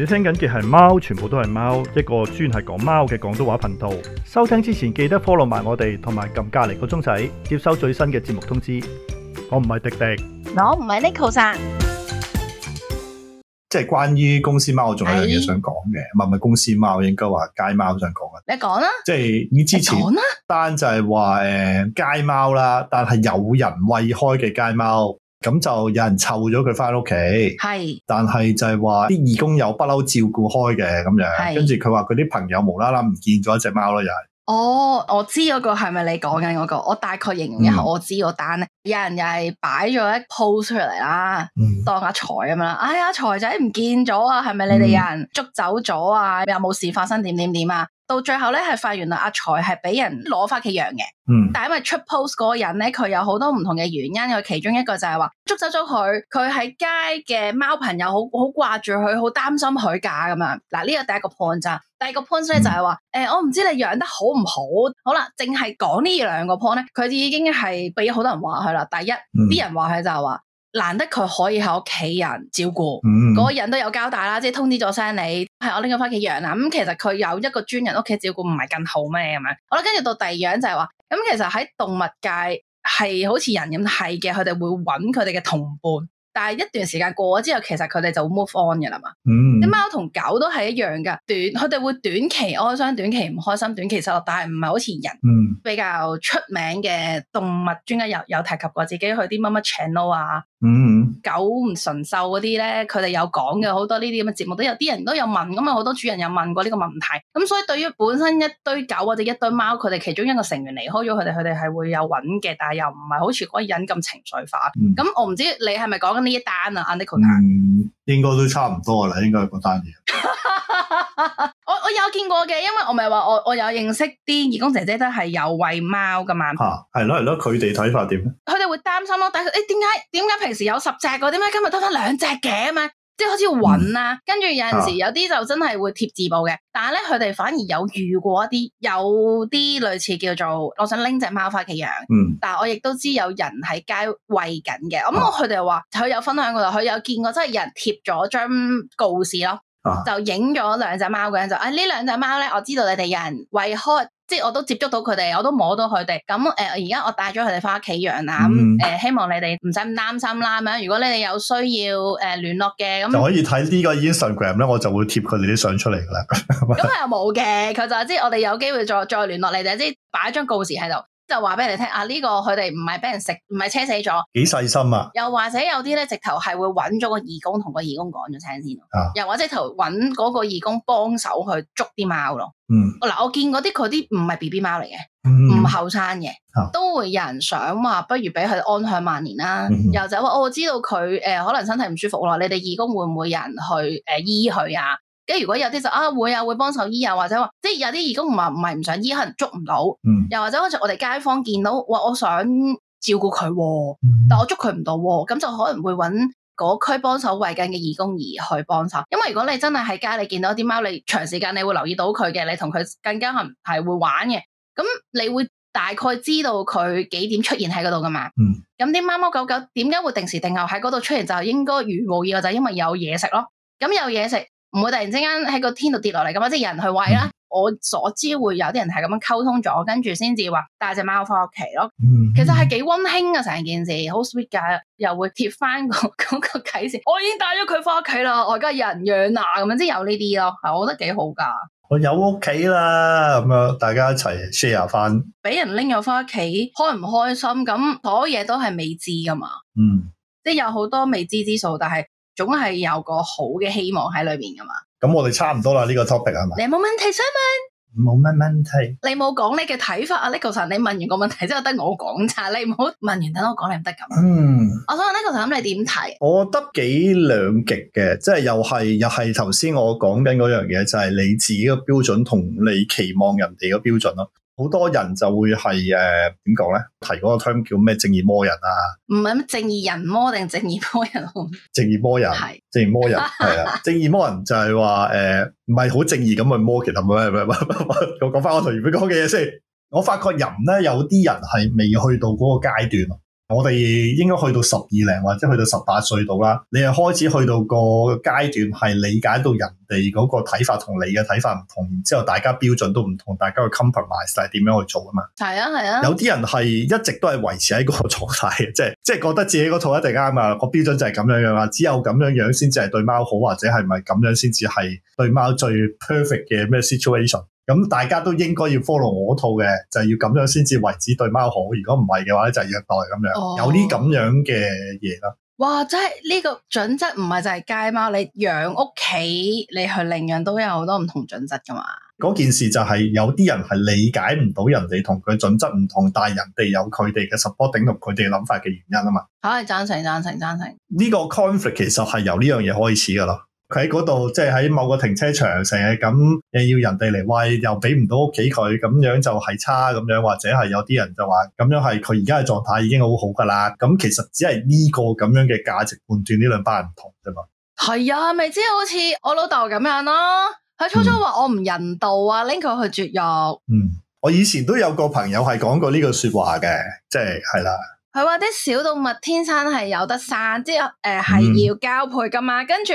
你聽緊嘅係貓，全部都係貓，一個專係講貓嘅廣東話頻道。收聽之前記得 follow 埋我哋，同埋撳隔籬個鐘仔，接收最新嘅節目通知。我唔係迪迪，我唔係 Neko。即係關於公司貓，我仲有樣嘢想講嘅，唔係唔係公司貓，應該話街貓想講啊。你講啦，即係你之前講啦，單就係話誒街貓啦，但係有人餵開嘅街貓。咁就有人湊咗佢返屋企，係是，但係就係話啲義工有不嬲照顧開嘅咁樣，是跟住佢話佢啲朋友無啦啦唔見咗一隻貓咯又。哦，我知嗰個係咪你講緊嗰個？嗯、我大概形容，我知個單咧，有人又係擺咗一 post 出嚟啦，嗯、當阿財咁樣，哎呀，財仔唔見咗啊，係咪你哋有人捉走咗啊？嗯、有冇事發生？點點點啊？到最後咧，係發現阿財係俾人攞翻佢養嘅。嗯，但係因為出 post 嗰個人咧，佢有好多唔同嘅原因。佢其中一個就係話捉走咗佢，佢喺街嘅貓朋友好好掛住佢，好擔心佢架咁樣。嗱，呢個第一個 point 咋、就是？第二個 point 咧就係話，誒、嗯欸，我唔知你養得好唔好。好啦，淨係講呢兩個 point 咧，佢哋已經係俾好多人話佢啦。第一，啲、嗯、人話佢就係話。難得佢可以喺屋企人照顧，嗰、嗯、人都有交代啦，即係通知咗聲你，係我拎咗翻屋企養啦。咁、嗯、其實佢有一個專人屋企照顧，唔係更好咩咁樣？好啦，跟、嗯、住到第二樣就係話，咁、嗯、其實喺動物界係好似人咁係嘅，佢哋會搵佢哋嘅同伴。但係一段時間過咗之後，其實佢哋就會 move on 嘅啦嘛。啲、嗯、貓同狗都係一樣噶，短佢哋會短期哀傷、短期唔開心、短期失落，但係唔係好似人，嗯、比較出名嘅動物專家又有、有提及過，自己去啲乜乜 channel 啊，嗯嗯、狗唔純種嗰啲咧，佢哋有講嘅好多呢啲咁嘅節目都有，啲人都有問咁啊，好多主人有問過呢個問題，咁所以對於本身一堆狗或者一堆貓，佢哋其中一個成員離開咗佢哋，佢哋係會有揾嘅，但係又唔係好似嗰個人咁情緒化。咁、嗯、我唔知你係咪講緊？啲單啊 u n d e o 應該都差唔多啦，應該嗰單嘢。 我我有見過嘅，因為我咪話我我有認識啲義工姐姐都係有餵貓噶嘛。吓、啊，係咯係咯，佢哋睇法點咧？佢哋會擔心咯，但係誒點解點解平時有十隻、啊、隻嗰啲咧，今日得翻兩隻嘅啊嘛？即係好似揾啦，跟住有陣時有啲就真係會貼字報嘅，但係咧佢哋反而有遇過一啲，有啲類似叫做我想拎隻貓翻屋企養，嗯、但係我亦都知有人喺街餵緊嘅。咁我佢哋話佢有分享過，佢有見過真係有人貼咗張告示咯，啊、就影咗兩隻貓嘅樣就，啊、哎、呢兩隻貓咧，我知道你哋有人餵開。即係我都接觸到佢哋，我都摸到佢哋。咁誒，而家我帶咗佢哋翻屋企養啦。咁誒、嗯，希望你哋唔使咁擔心啦。咁樣，如果你哋有需要誒聯絡嘅，咁就可以睇呢個 Instagram 咧，我就會貼佢哋啲相出嚟啦。咁 佢又冇嘅，佢就知我哋有機會再再聯絡你哋，即係擺張告示喺度。就話俾你哋聽啊呢、這個佢哋唔係俾人食，唔係車死咗。幾細心啊！又或者有啲咧，直頭係會揾咗個義工同個義工講咗聲先、啊、又或者頭揾嗰個義工幫手去捉啲貓咯。嗯，嗱我見嗰啲佢啲唔係 B B 貓嚟嘅，唔後生嘅，啊、都會有人想話不如俾佢安享晚年啦。又、嗯嗯、就話、哦、我知道佢誒、呃、可能身體唔舒服咯，你哋義工會唔會有人去誒醫佢啊？跟如果有啲就啊會啊會幫手醫啊，或者話即係有啲義工唔係唔係唔想醫，可能捉唔到，嗯、又或者好似我哋街坊見到，哇！我想照顧佢、啊，但我捉佢唔到，咁就可能會揾嗰區幫手餵緊嘅義工而去幫手。因為如果你真係喺街你見到啲貓，你長時間你會留意到佢嘅，你同佢更加可能係會玩嘅。咁你會大概知道佢幾點出現喺嗰度㗎嘛？咁啲貓貓狗狗點解會定時定候喺嗰度出現？就應該如無意外就係因為有嘢食咯。咁有嘢食。唔會突然之間喺個天度跌落嚟，咁啊！即係人去餵啦。嗯、我所知會有啲人係咁樣溝通咗，跟住先至話帶隻貓翻屋企咯。嗯嗯、其實係幾溫馨啊！成件事好 sweet 噶又會貼翻、個嗰、個啟示。我已經帶咗佢翻屋企啦，我而家人養啊，咁樣即係有呢啲咯。我覺得幾好噶。我有屋企啦，咁樣大家一齊 share 翻。俾人拎咗翻屋企，開唔開心？咁所有嘢都係未知噶嘛。嗯，即係有好多未知之數，但係。總係有個好嘅希望喺裏邊噶嘛？咁我哋差唔多啦，呢個 topic 係咪？你冇問題，Simon？冇咩問題。你冇講你嘅睇法啊，Nicholas，你問完個問題之後得我講咋？你唔好問完等我講你唔得咁。嗯，我想問 Nicholas，你點睇？我得幾兩極嘅，即係又係又係頭先我講緊嗰樣嘢，就係你自己嘅標準同你期望人哋嘅標準咯。好多人就會係誒點講咧？提嗰個 term 叫咩？正義魔人啊？唔係咩？正義人魔定正義魔人？正義魔人係是正義魔人係啊！ 正義魔人就係話誒，唔係好正義咁去魔其他咩咩。我講翻我同葉偉講嘅嘢先。我發覺人咧，有啲人係未去到嗰個階段。我哋應該去到十二零或者去到十八歲度啦，你係開始去到個階段，係理解到人哋嗰個睇法同你嘅睇法唔同，然之後大家標準都唔同，大家去 compromise 係點樣去做嘛啊？嘛，係啊係啊，有啲人係一直都係維持喺個狀態，即係即係覺得自己嗰套一定啱啊，個標準就係咁樣樣啊，只有咁樣樣先至係對貓好，或者係咪咁樣先至係對貓最 perfect 嘅咩 situation？咁大家都應該要 follow 我套嘅，就係要咁樣先至為止對貓好。如果唔係嘅話咧，就虐待咁樣。哦、有啲咁樣嘅嘢咯。哇！即係呢個準則唔係就係街貓，你養屋企你去領養都有好多唔同準則噶嘛。嗰件事就係有啲人係理解唔到人哋同佢準則唔同，但係人哋有佢哋嘅 support 同佢哋諗法嘅原因啊嘛。啊！贊成贊成贊成。呢個 conflict 其實係由呢樣嘢開始噶啦。佢喺嗰度，即係喺某個停車場，成日咁，又要人哋嚟餵，又俾唔到屋企佢，咁樣就係差咁樣，或者係有啲人就話咁樣係佢而家嘅狀態已經好好噶啦。咁其實只係呢個咁樣嘅價值判斷，呢兩班人唔同啫嘛。係啊，咪即係好似我老豆咁樣咯。佢初初話我唔人道啊，拎佢、嗯、去絕育。嗯，我以前都有個朋友係講過呢句說話嘅，即係係啦。佢話啲小動物天生係有得生，即係誒係要交配噶嘛，跟住。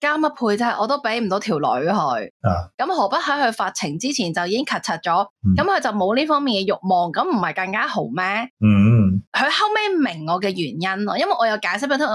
交配啫，我都俾唔到條女去。咁、啊、何不喺佢發情之前就已經 cut cut 咗？咁佢、嗯、就冇呢方面嘅欲望，咁唔係更加好咩？佢、嗯、後尾明我嘅原因咯，因為我有解釋俾佢。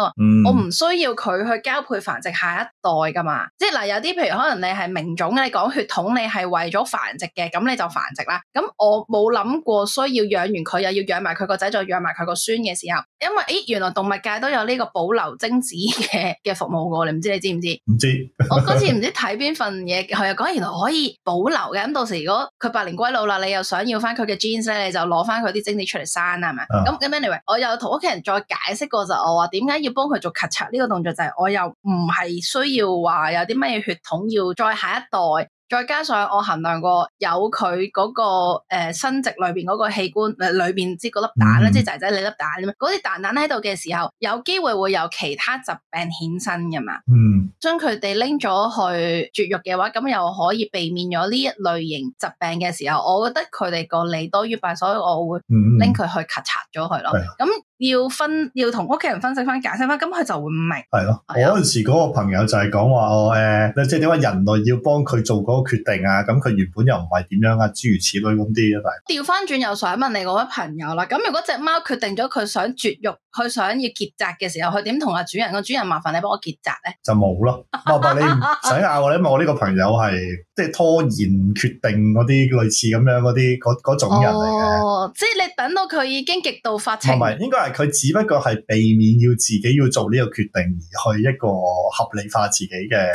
我唔需要佢去交配繁殖下一代噶嘛。即係嗱，有啲譬如可能你係名種，你講血統，你係為咗繁殖嘅，咁你就繁殖啦。咁我冇諗過需要養完佢，又要養埋佢個仔，再養埋佢個孫嘅時候。因為誒，原來動物界都有呢個保留精子嘅嘅服務噶，你唔知你知唔知？唔知， 我知，我嗰次唔知睇邊份嘢，佢又講，原來可以保留嘅。咁到時如果佢百年歸老啦，你又想要翻佢嘅 genes 咧，你就攞翻佢啲精子出嚟生係咪？咁咁、啊、anyway，我又同屋企人再解釋過就，我話點解要幫佢做咔嚓呢個動作，就係、是、我又唔係需要話有啲乜嘢血統要再下一代。再加上我衡量過，有佢嗰個生殖裏邊嗰個器官裡面，誒裏邊即係粒蛋咧，即係仔仔你粒蛋嗰啲蛋蛋喺度嘅時候，有機會會有其他疾病衍生噶嘛。嗯。將佢哋拎咗去絕育嘅話，咁又可以避免咗呢一類型疾病嘅時候，我覺得佢哋個利多於弊，所以我會拎佢去咔嚓咗佢咯。咁、嗯嗯嗯、要分要同屋企人分析翻解釋翻，咁佢就會唔明。係咯的，哎、呦我嗰陣時嗰個朋友就係講話我、欸、即係點解人類要幫佢做嗰、那個。決定啊，咁佢原本又唔係點樣啊，諸如此類咁啲啊，但係調翻轉又想問你位朋友啦。咁如果隻貓決定咗佢想絕育，佢想要結紮嘅時候，佢點同阿主人？個主人麻煩你幫我結紮咧？就冇咯，唔使拗啦，我 因為我呢個朋友係即係拖延決定嗰啲類似咁樣嗰啲嗰嗰種人嚟嘅、哦。即係你等到佢已經極度發情，唔係，應該係佢只不過係避免要自己要做呢個決定，而去一個合理化自己嘅。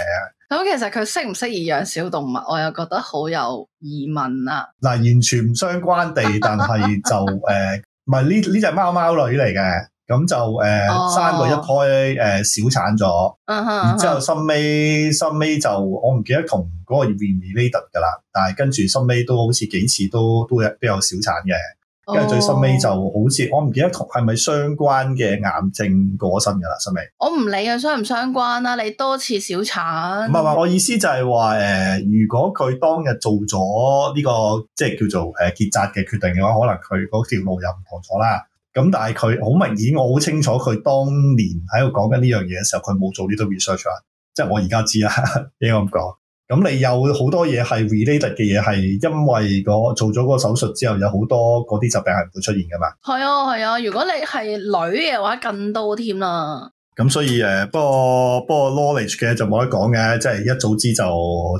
咁其實佢適唔適宜養小動物，我又覺得好有疑問啦、啊。嗱，完全唔相關地，但係就誒，唔係呢呢隻貓貓女嚟嘅，咁就誒生過一胎誒、呃、小產咗，啊哈啊哈然之後深尾深尾收尾收尾就我唔記得同嗰個 Rimy Lady 噶啦，但係跟住收尾都好似幾次都都有比較小產嘅。跟住最深尾就好似我唔記得同係咪相關嘅癌症過身噶啦，深尾。我唔理佢相唔相關啦、啊，你多次小產。唔係唔係，我意思就係話誒，如果佢當日做咗呢、這個即係叫做誒、啊、結紮嘅決定嘅話，可能佢嗰條路又唔同咗啦。咁但係佢好明顯，我好清楚佢當年喺度講緊呢樣嘢嘅時候，佢冇做呢堆 research 啊，即係我而家知啦，應該咁講。咁你有好多嘢係 related 嘅嘢，係因為做咗個手術之後，有好多嗰啲疾病係唔會出現噶嘛？係啊係啊，如果你係女嘅話，更多添啦。咁所以誒，不過不過 knowledge 嘅就冇得講嘅，即係一早知就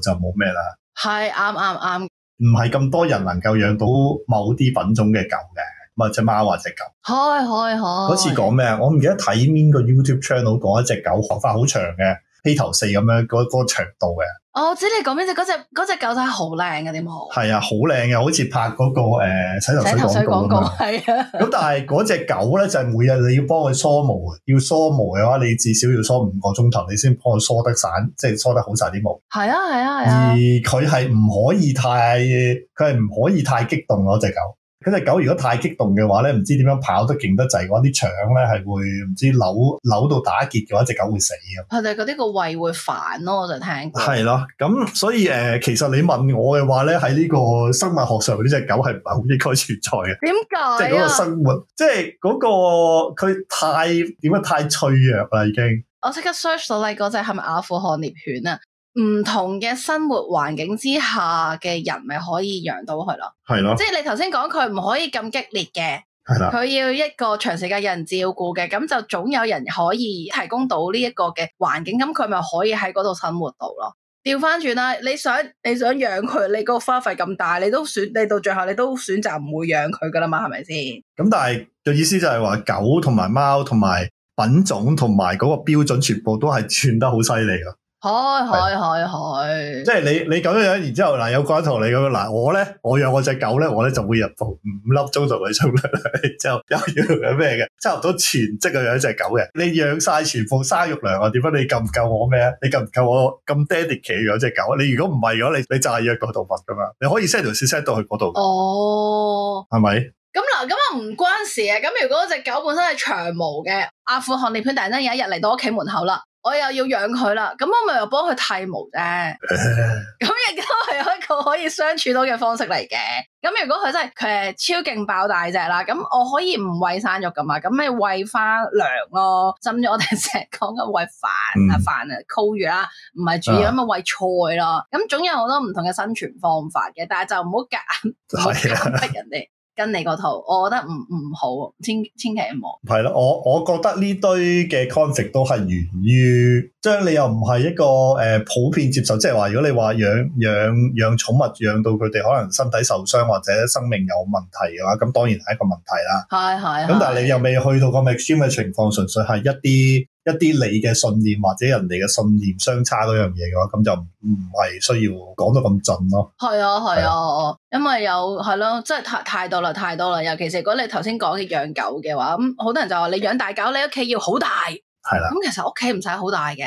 就冇咩啦。係啱啱啱，唔係咁多人能夠養到某啲品種嘅狗嘅，唔係只貓或者狗。開開開，嗰次講咩啊？我唔記得睇邊個 YouTube channel 講一隻狗學翻好長嘅披頭四咁樣嗰嗰個長度嘅。我、哦、知你講邊隻，嗰隻，隻狗仔係好靚嘅啲毛，係啊，好靚嘅，好似拍嗰、嗰個誒、呃、洗頭水廣告，係啊、嗰個。咁但係嗰隻狗咧，就係，每日你要幫佢梳毛，要梳毛嘅話，你至少要梳五個鐘頭，你先幫佢梳得散，即係梳得好晒啲毛。係啊，係啊，係啊。而佢係唔可以太，佢係唔可以太激動咯，隻狗。嗰隻狗如果太激動嘅話咧，唔知點樣跑得勁得滯嘅啲腸咧係會唔知扭扭到打結嘅話，隻狗會死咁。佢哋嗰啲個胃會煩咯？我就聽係咯。咁所以誒、呃，其實你問我嘅話咧，喺呢個生物學上，呢隻狗係唔係好應該存在嘅？點解？即係嗰個生活，即係嗰、嗰個佢太點啊？太脆弱啦，已經。我即刻 search 到咧，嗰隻係咪阿富汗獵犬啊？唔同嘅生活環境之下嘅人，咪可以養到佢咯。係咯的，即係你頭先講佢唔可以咁激烈嘅，係啦的，佢要一個長時間有人照顧嘅，咁就總有人可以提供到呢一個嘅環境，咁佢咪可以喺嗰度生活到咯。掉返轉啦，你想你想養佢，你個花費咁大，你都選，你到最後你都選擇唔會養佢噶啦嘛，係咪先？咁但係嘅、這個、意思就係話，狗同埋貓同埋品種同埋嗰個標準，全部都係串得好犀利噶。係係係係，即係你你咁樣樣，然之後嗱，有個人同你咁樣，嗱我咧，我養我隻狗咧，我咧就會入鋪五粒鐘同佢沖涼，然之後又要咩嘅，差唔多全職嘅養隻狗嘅。你養晒全副生肉糧啊？點解你夠唔夠我咩？你夠唔夠我咁 dedicate 養隻狗？你如果唔係嘅話，你你就係約嗰動物噶嘛？你可以 set 條線 set 到去嗰度哦，係咪？咁嗱，咁啊唔關事啊。咁如果隻狗本身係長毛嘅阿富汗獵犬，突然間有一日嚟到屋企門口啦。我又要養佢啦，咁我咪又幫佢剃毛啫。咁亦都係一個可以相處到嘅方式嚟嘅。咁如果佢真係佢係超勁爆大隻啦，咁我可以唔餵生肉噶嘛，咁咪餵翻糧咯。甚至我哋成日講緊餵飯啊飯啊，酷魚啦，唔係主要咁啊餵菜咯。咁總有好多唔同嘅生存方法嘅，但係就唔好夾硬，是硬迫人哋。跟你個套，我覺得唔唔好，千千祈唔好。係咯，我我覺得呢堆嘅 concept 都係源於將你又唔係一個誒、呃、普遍接受，即係話如果你話養養養寵物養到佢哋可能身體受傷或者生命有問題嘅話，咁當然係一個問題啦。係係。咁但係你又未去到個 extreme 嘅情況，純粹係一啲。一啲你嘅信念或者人哋嘅信念相差嗰樣嘢嘅話，咁就唔係需要講得咁盡咯。係啊，係啊，啊因為有係咯，即係、啊、太太多啦，太多啦。尤其是如果你頭先講嘅養狗嘅話，咁、嗯、好多人就話你養大狗，你屋企要好大。係啦、啊，咁、嗯、其實屋企唔使好大嘅。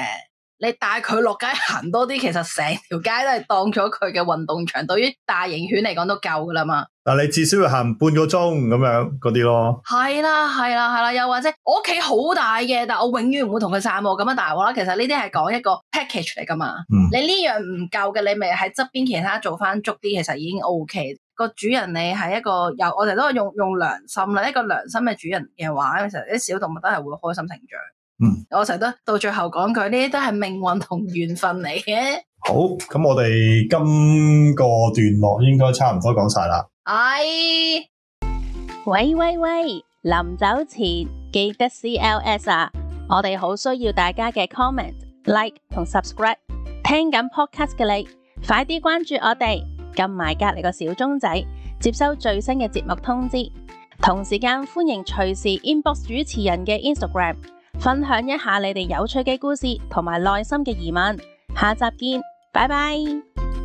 你帶佢落街行多啲，其實成條街都係當咗佢嘅運動場，對於大型犬嚟講都夠噶啦嘛。但，你至少要行半個鐘咁樣嗰啲咯。係啦，係啦，係啦，又或者我屋企好大嘅，但係我永遠唔會同佢散步咁樣，大鑊啦。其實呢啲係講一個 package 嚟噶嘛。嗯、你呢樣唔夠嘅，你咪喺側邊其他做翻足啲，其實已經 OK。個主人你係一個有，我哋都係用用良心啦，一個良心嘅主人嘅話，其實啲小動物都係會開心成長。嗯，我成日都到最後講佢呢啲都係命運同緣分嚟嘅。好，咁我哋今個段落應該差唔多講晒啦。唉、哎，喂喂喂，臨走前記得 CLS 啊！我哋好需要大家嘅 comment、like 同 subscribe。聽緊 podcast 嘅你，快啲關注我哋，撳埋隔籬個小鐘仔，接收最新嘅節目通知。同時間，歡迎隨時 inbox 主持人嘅 Instagram。分享一下你哋有趣嘅故事同埋內心嘅疑問，下集見，拜拜。